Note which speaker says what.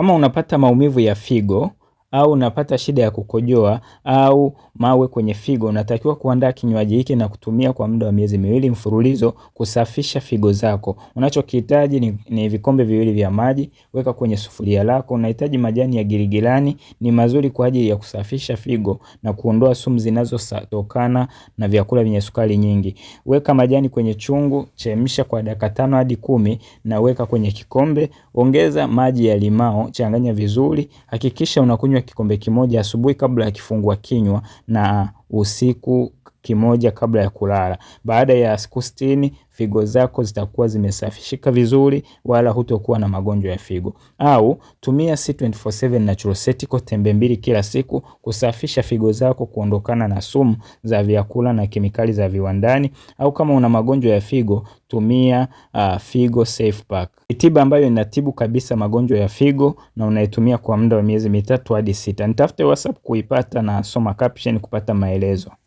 Speaker 1: Kama unapata maumivu ya figo, au unapata shida ya kukojoa au mawe kwenye figo, unatakiwa kuandaa kinywaji hiki na kutumia kwa muda wa miezi miwili mfululizo kusafisha figo zako. Unachokihitaji ni, ni vikombe viwili vya maji, weka kwenye sufuria lako. Unahitaji majani ya giligilani, ni mazuri kwa ajili ya kusafisha figo na kuondoa sumu zinazotokana na vyakula vyenye sukari nyingi. Weka majani kwenye chungu, chemsha kwa dakika tano hadi kumi na weka kwenye kikombe, ongeza maji ya limao, changanya vizuri, hakikisha unakunywa kunywa kikombe kimoja asubuhi kabla ya kifungua kinywa na usiku kimoja kabla ya kulala. Baada ya siku sitini, figo zako zitakuwa zimesafishika vizuri wala hutokuwa na magonjwa ya figo. Au tumia C24/7 Naturalceutical tembe mbili kila siku kusafisha figo zako, kuondokana na sumu za vyakula na kemikali za viwandani. Au kama una magonjwa ya figo tumia uh, Figo Safe Pack, tiba ambayo inatibu kabisa magonjwa ya figo na unaitumia kwa muda wa miezi mitatu hadi sita. Nitafute WhatsApp kuipata na soma caption kupata maelezo.